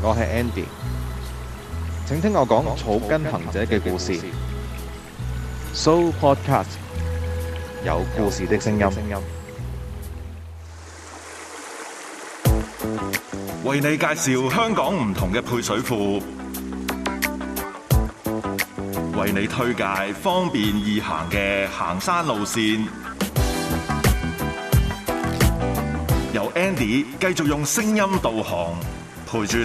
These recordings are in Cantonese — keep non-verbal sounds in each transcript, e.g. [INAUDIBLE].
我係 Andy，請聽我講草根行者嘅故事。So Podcast 有故事的聲音，聲音為你介紹香港唔同嘅配水庫，為你推介方便易行嘅行山路線，由 Andy 繼續用聲音導航。陪住你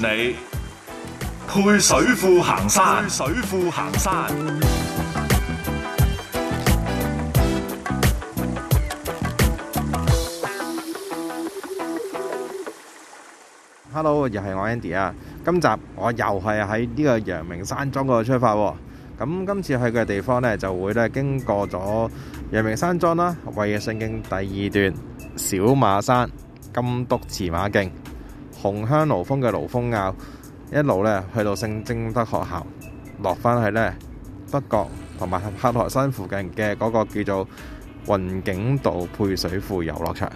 去水庫行山，水庫行山。Hello，又係我 Andy 啊！今集我又係喺呢個陽明山莊嗰度出發喎。咁今次去嘅地方呢，就會咧經過咗陽明山莊啦。為嘅聖經第二段，小馬山金督馳馬徑。紅香爐峰嘅爐峰坳，一路呢，去到聖貞德學校，落返去呢，北角同埋黑陀山附近嘅嗰個叫做雲景道配水庫遊樂場。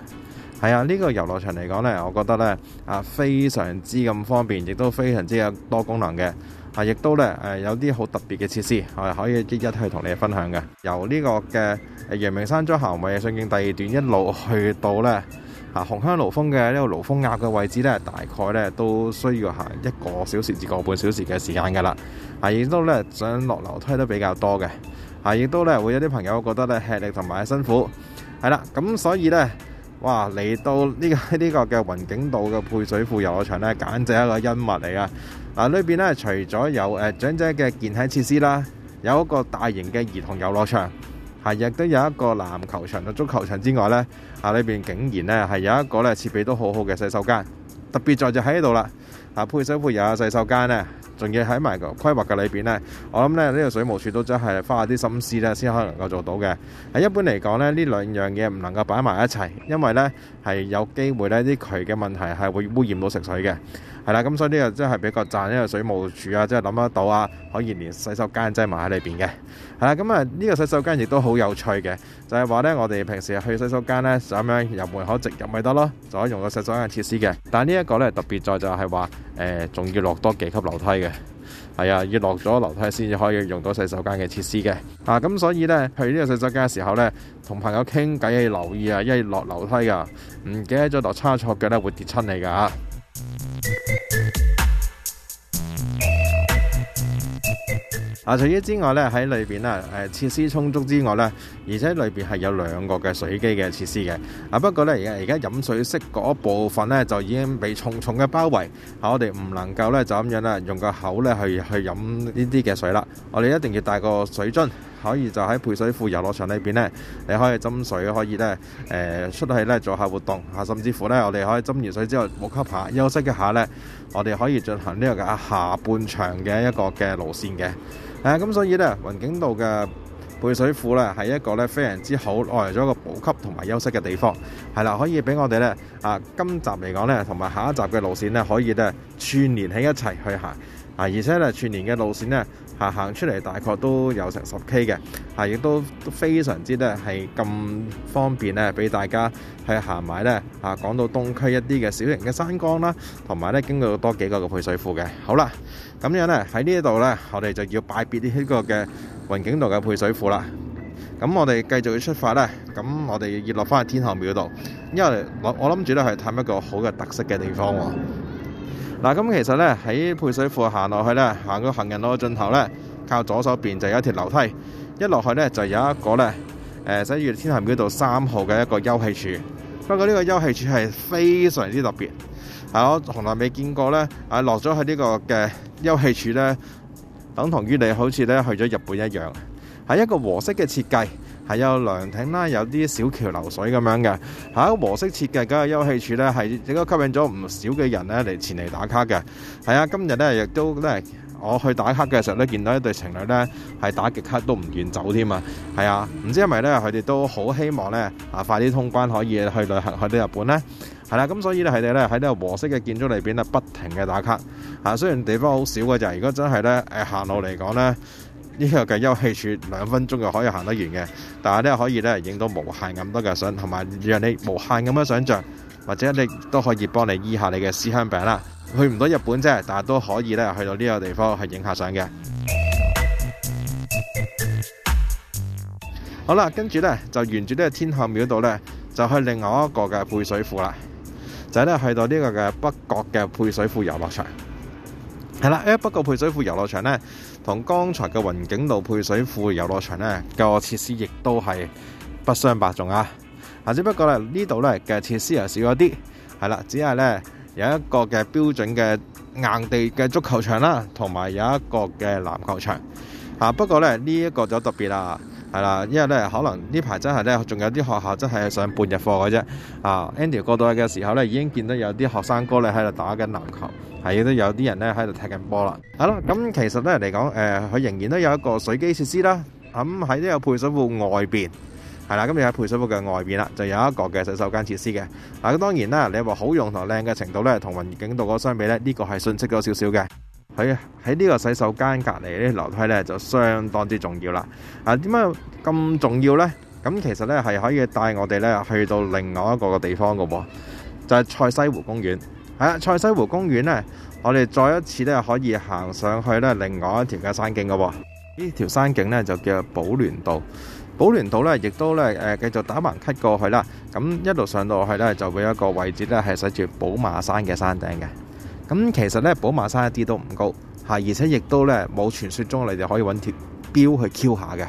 係啊，呢個遊樂場嚟講呢，我覺得呢啊非常之咁方便，亦都非常之有多功能嘅。啊，亦都呢，誒有啲好特別嘅設施，我係可以一一去同你分享嘅。由呢個嘅陽明山莊衛奕信徑第二段一路去到呢。啊！紅香爐峰嘅呢、這個爐峰鴨嘅位置咧，大概咧都需要行一個小時至個半小時嘅時間噶啦。啊，亦都咧上落樓梯都比較多嘅。啊，亦都咧會有啲朋友覺得咧吃力同埋辛苦。係啦，咁所以咧，哇！嚟到呢、這個呢、這個嘅雲景道嘅配水庫遊樂場咧，簡直係一個恩物嚟噶。啊，裏邊咧除咗有誒長者嘅健體設施啦，有一個大型嘅兒童遊樂場。啊！亦都有一個籃球場、足球場之外咧，啊裏邊竟然咧係有一個咧設備都好好嘅洗手間，特別在就喺呢度啦。啊，配套配有洗手間咧，仲要喺埋規劃嘅裏邊咧，我諗咧呢個水務署都真係花啲心思咧，先可能夠做到嘅。喺一般嚟講咧，呢兩樣嘢唔能夠擺埋一齊，因為咧係有機會咧啲渠嘅問題係會污染到食水嘅。係啦，咁所以呢個真係比較讚，因為水務署啊，真係諗得到啊，可以連洗手間擠埋喺裏邊嘅。係啦，咁啊呢個洗手間亦都好有趣嘅，就係話呢，我哋平時去洗手間呢，就咁樣由門口直入咪得咯，就可以用到洗手間嘅設施嘅。但係呢一個呢，特別在就係話誒，仲要落多幾級樓梯嘅。係啊，要落咗樓梯先至可以用到洗手間嘅設施嘅。啊，咁所以呢，去呢個洗手間嘅時候呢，同朋友傾偈要留意啊，因為落樓梯噶，唔記得咗落差錯腳呢，會跌親你噶啊！啊！除此之外咧，喺裏邊啦，誒，設施充足之外咧，而且裏邊係有兩個嘅水機嘅設施嘅。啊，不過咧而家而家飲水式嗰部分呢，就已經被重重嘅包圍，我哋唔能夠呢，就咁樣啦，用個口咧去去飲呢啲嘅水啦。我哋一定要帶個水樽。可以就喺配水庫遊樂場裏邊咧，你可以斟水，可以咧誒出去咧做下活動嚇，甚至乎咧我哋可以斟完水之後冇吸下休息一下咧，我哋可以進行呢個嘅下半場嘅一個嘅路線嘅。誒、啊、咁所以咧雲景道嘅配水庫咧係一個咧非常之好，作為咗一個補給同埋休息嘅地方，係啦，可以俾我哋咧啊今集嚟講咧，同埋下一集嘅路線咧可以咧串連喺一齊去行啊，而且咧串連嘅路線咧。行出嚟大概都有成十 K 嘅，嚇亦都都非常之咧係咁方便咧，俾大家去行埋咧嚇，講到東區一啲嘅小型嘅山崗啦，同埋咧經過多幾個嘅配水庫嘅。好啦，咁樣咧喺呢度咧，我哋就要拜別呢個嘅雲景道嘅配水庫啦。咁我哋繼續要出發咧，咁我哋要落翻去天后廟度，因為我我諗住咧去探一個好嘅特色嘅地方喎。嗱，咁其實咧喺配水庫行落去咧，行到行人路嘅盡頭咧，靠左手邊就有一條樓梯，一落去咧就有一個咧，寫住天后廟道三號嘅一個休憩處。不過呢個休憩處係非常之特別，係我從來未見過咧。啊，落咗去個呢個嘅休憩處咧，等同於你好似咧去咗日本一樣，係一個和式嘅設計。係有涼亭啦，有啲小橋流水咁樣嘅，一喺、啊、和式設計嘅休憩處咧，係亦都吸引咗唔少嘅人咧嚟前嚟打卡嘅。係啊，今日咧亦都咧，我去打卡嘅時候咧，見到一對情侶咧係打極卡都唔願走添啊！係啊，唔知係咪咧，佢哋都好希望咧啊，快啲通關可以去旅行去到日本咧。係啦、啊，咁所以咧，佢哋咧喺呢個和式嘅建築裏邊咧，不停嘅打卡啊。雖然地方好少嘅就係，如果真係咧，誒行路嚟講咧。呢個嘅休息處兩分鐘就可以行得完嘅，但係咧可以咧影到無限咁多嘅相，同埋讓你無限咁樣想像，或者你，可幫你，你都可以幫你醫下你嘅思鄉病啦。去唔到日本啫，但係都可以咧去到呢個地方去影下相嘅。 [NOISE] 好啦，跟住咧就沿住呢個天后廟度咧，就去另外一個嘅配水庫啦，就係咧去到呢個嘅北角嘅配水庫遊樂場。係啦，誒，不過配水庫遊樂場咧，同剛才嘅雲景路配水庫遊樂場咧個設施亦都係不相伯仲啊，啊，只不過咧呢度咧嘅設施又少咗啲，係啦，只係咧有一個嘅標準嘅硬地嘅足球場啦，啊，同埋有一個嘅籃球場，啊，不過咧呢一，呢個就特別啦。係啦，因為咧可能呢排真係咧，仲有啲學校真係上半日課嘅啫、啊。啊，Andy 過到去嘅時候咧，已經見到有啲學生哥咧喺度打緊籃球，係都有啲人咧喺度踢緊波啦。好、啊、啦，咁、嗯、其實咧嚟講，誒、呃，佢仍然都有一個水機設施啦。咁喺呢個配水庫外邊，係啦，咁又喺配水庫嘅外邊啦，就有一個嘅洗手間設施嘅。嗱、啊，當然啦，你話好用同靚嘅程度咧，同雲景道相比咧，呢、這個係遜色咗少少嘅。喺呢個洗手間隔離呢，樓梯咧就相當之重要啦。啊，點解咁重要呢？咁其實呢，係可以帶我哋呢去到另外一個地方噶喎，就係蔡西湖公園。係啦，蔡西湖公園呢，我哋再一次呢，可以行上去呢另外一條嘅山景噶喎。呢條山景呢，就叫寶聯道。寶聯道呢，亦都呢誒繼續打橫咳 u 過去啦。咁一路上到去呢，就會有一個位置呢，係喺住寶馬山嘅山頂嘅。咁其實咧，寶馬山一啲都唔高嚇，而且亦都咧冇傳説中你哋可以揾條標去 Q 下嘅。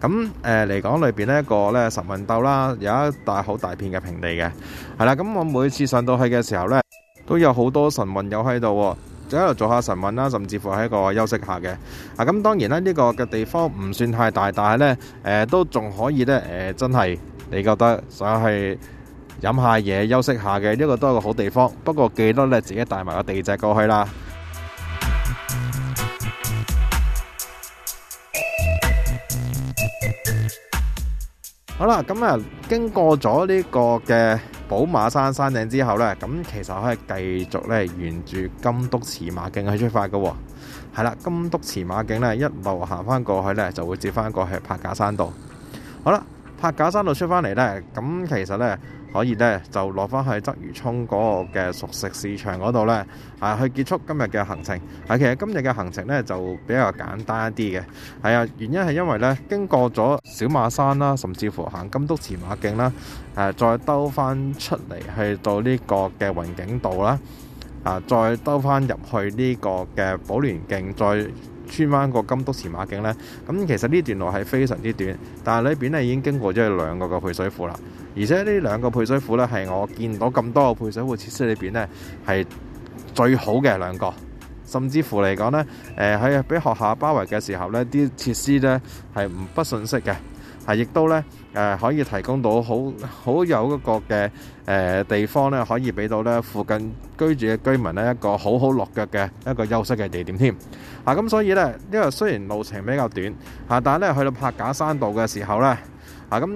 咁誒嚟講，裏、呃、邊呢一個咧晨運鬥啦，有一大好大片嘅平地嘅。係啦，咁、嗯、我每次上到去嘅時候咧，都有好多晨運友喺度，就喺度做一下晨運啦，甚至乎喺個休息一下嘅。啊、嗯，咁當然咧呢、呢個嘅地方唔算太大，但係咧誒都仲可以咧誒、呃，真係你覺得想係。飲下嘢，休息下嘅，呢個都係個好地方，不過記得咧自己帶埋個地址過去啦。 [MUSIC] 好啦，咁啊經過咗呢個嘅寶馬山山頂之後呢，咁其實可以繼續咧沿住金督池馬徑去出發噶。係啦，金督池馬徑呢，一路行翻過去呢，就會接翻過去柏架山度。好啦。柏架山道出翻嚟咧，咁其實咧可以咧就落翻去鰂魚涌嗰個嘅熟食市場嗰度咧，啊去結束今日嘅行程。啊，其實今日嘅行程咧就比較簡單一啲嘅，係啊，原因係因為咧經過咗小馬山啦，甚至乎行金督馳馬徑啦，誒再兜翻出嚟去到呢個嘅雲景道啦，啊再兜翻入去呢個嘅寶蓮徑再。穿翻個金督馳馬徑咧，咁其實呢段路係非常之短，但係裏邊咧已經經過咗兩個嘅配水庫啦，而且呢兩個配水庫咧係我見到咁多個配水庫設施裏邊咧係最好嘅兩個，甚至乎嚟講咧，誒喺俾學校包圍嘅時候咧，啲設施咧係唔不遜色嘅。係，亦都咧，誒可以提供到好好有一個嘅誒地方咧，可以俾到咧附近居住嘅居民咧一個好好落腳嘅一個休息嘅地點添。啊，咁所以咧，因為雖然路程比較短，啊，但係咧去到柏架山道嘅時候咧，啊，咁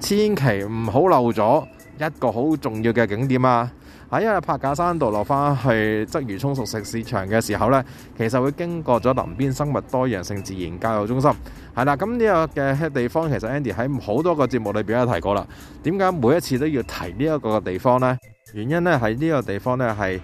其實千祈唔好漏咗一個好重要嘅景點啊！喺因為柏架山度落翻去鰂魚湧熟食市場嘅時候咧，其實會經過咗林邊生物多樣性自然教育中心。係啦，咁呢個嘅地方其實 Andy 喺好多個節目裏邊都提過啦。點解每一次都要提呢一個地方咧？原因咧喺呢個地方咧係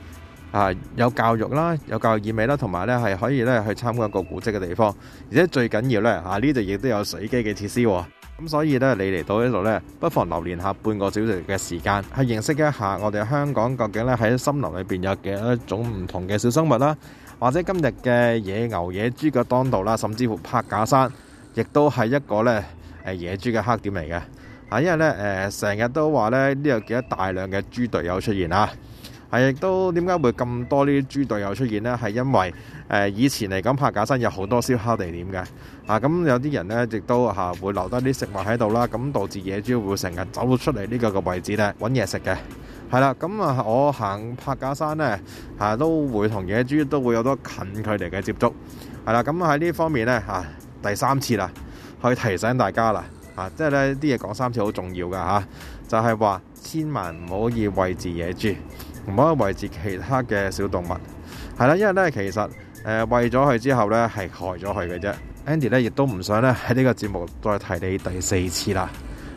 啊有教育啦，有教育意味啦，同埋咧係可以咧去參觀一個古蹟嘅地方，而且最緊要咧啊呢度亦都有水機嘅設施喎。咁所以咧，你嚟到呢度咧，不妨留連下半個小時嘅時間，去認識一下我哋香港究竟咧喺森林裏邊有幾多種唔同嘅小生物啦，或者今日嘅野牛、野豬嘅當道啦，甚至乎柏架山，亦都係一個咧誒野豬嘅黑點嚟嘅啊！因為咧誒，成、呃、日都話咧呢度幾多大量嘅豬隊友出現啊！係，亦都點解會咁多呢啲豬隊友出現呢？係因為誒、呃、以前嚟講，柏架山有好多燒烤地點嘅啊。咁有啲人呢，亦都嚇、啊、會留低啲食物喺度啦，咁、啊、導致野豬會成日走咗出嚟呢個嘅位置呢，揾嘢食嘅係啦。咁啊，我行柏架山呢，嚇、啊、都會同野豬都會有多近距離嘅接觸係啦。咁喺呢方面呢，嚇、啊、第三次啦，去提醒大家啦嚇、啊，即係呢啲嘢講三次好重要㗎嚇、啊，就係、是、話千萬唔可以餵食野豬。唔可以餵住其他嘅小動物，係啦，因為咧其實誒餵咗佢之後咧係害咗佢嘅啫。Andy 咧亦都唔想咧喺呢個節目再提你第四次啦，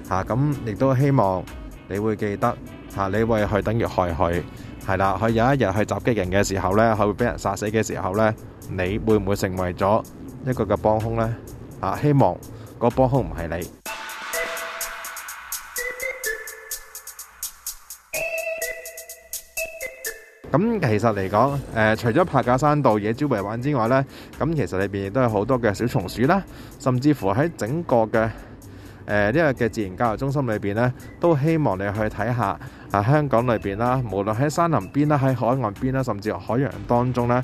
吓咁亦都希望你會記得吓、啊、你餵佢等於害佢，係啦，佢有一日去襲擊人嘅時候咧，佢會俾人殺死嘅時候咧，你會唔會成為咗一個嘅幫凶咧？嚇、啊，希望嗰幫兇唔係你。咁其實嚟講，誒、呃、除咗柏架山道野豬圍灣之外呢，咁其實裏邊亦都有好多嘅小松鼠啦，甚至乎喺整個嘅誒呢個嘅自然教育中心裏邊呢，都希望你去睇下啊香港裏邊啦，無論喺山林邊啦，喺海岸邊啦，甚至海洋當中咧。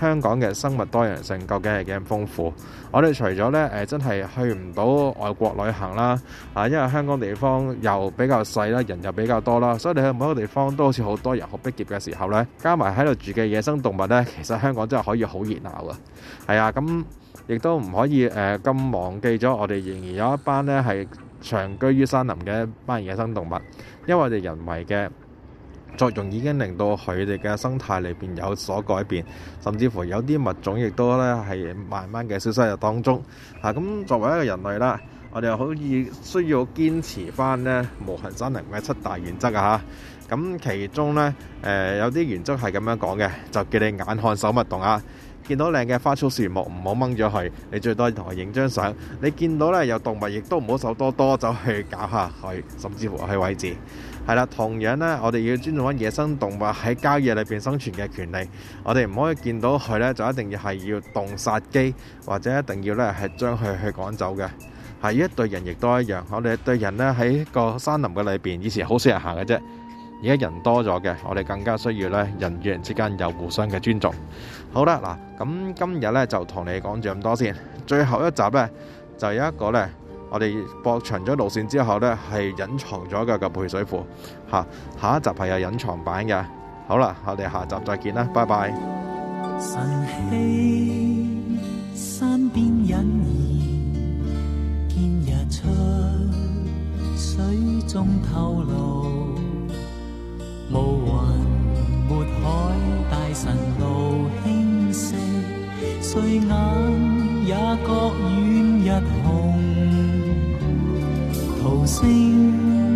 香港嘅生物多樣性究竟係幾咁豐富？我哋除咗咧誒，真係去唔到外國旅行啦，啊，因為香港地方又比較細啦，人又比較多啦，所以你去每個地方都好似好多人好逼劫嘅時候咧，加埋喺度住嘅野生動物咧，其實香港真係可以好熱鬧啊。係啊，咁亦都唔可以誒咁、呃、忘記咗，我哋仍然有一班咧係長居於山林嘅一班野生動物，因為我哋人為嘅。作用已經令到佢哋嘅生態裏邊有所改變，甚至乎有啲物種亦都咧係慢慢嘅消失入當中。嚇、啊，咁作為一個人類啦，我哋好以需要堅持翻咧無痕山林嘅七大原則啊。嚇，咁其中咧，誒、呃、有啲原則係咁樣講嘅，就叫你眼看手勿動啊。見到靚嘅花草樹木，唔好掹咗佢，你最多同佢影張相。你見到咧有動物，亦都唔好手多多走去搞下佢，甚至乎去餵飼。係啦，同樣呢，我哋要尊重翻野生動物喺郊野裏邊生存嘅權利。我哋唔可以見到佢呢，就一定要係要動殺機，或者一定要呢係將佢去趕走嘅。係一對人亦都一樣，我哋對人呢，喺個山林嘅裏邊，以前好少人行嘅啫。而家人多咗嘅，我哋更加需要咧人與人之間有互相嘅尊重。好啦，嗱，咁今日咧就同你講住咁多先。最後一集咧就有一個咧，我哋駁長咗路線之後咧係隱藏咗嘅個配水庫吓、啊。下一集係有隱藏版嘅。好啦，我哋下集再見啦，拜拜。神山邊隱見日出，水中透露無雲抹海，大神道輕逝，睡眼也覺遠日紅，濤聲。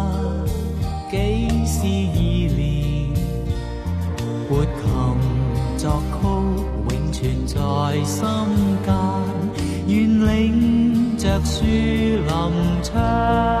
幾絲意念撥琴作曲，永存在心間，願領着樹林唱。